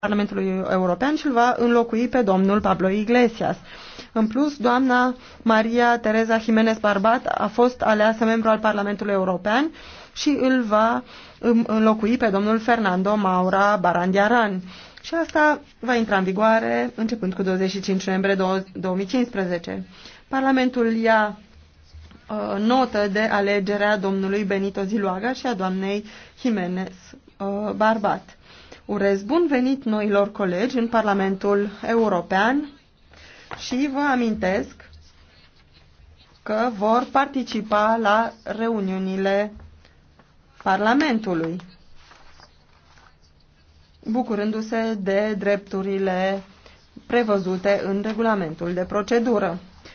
Parlamentului European și îl va înlocui pe domnul Pablo Iglesias. În plus, doamna Maria Teresa Jimenez Barbat a fost aleasă membru al Parlamentului European și îl va înlocui pe domnul Fernando Maura Barandiaran. Și asta va intra în vigoare începând cu 25 noiembrie 2015. Parlamentul ia uh, notă de alegerea domnului Benito Ziluaga și a doamnei Jimenez uh, Barbat. Urez bun venit noilor colegi în Parlamentul European și vă amintesc că vor participa la reuniunile Parlamentului, bucurându-se de drepturile prevăzute în regulamentul de procedură.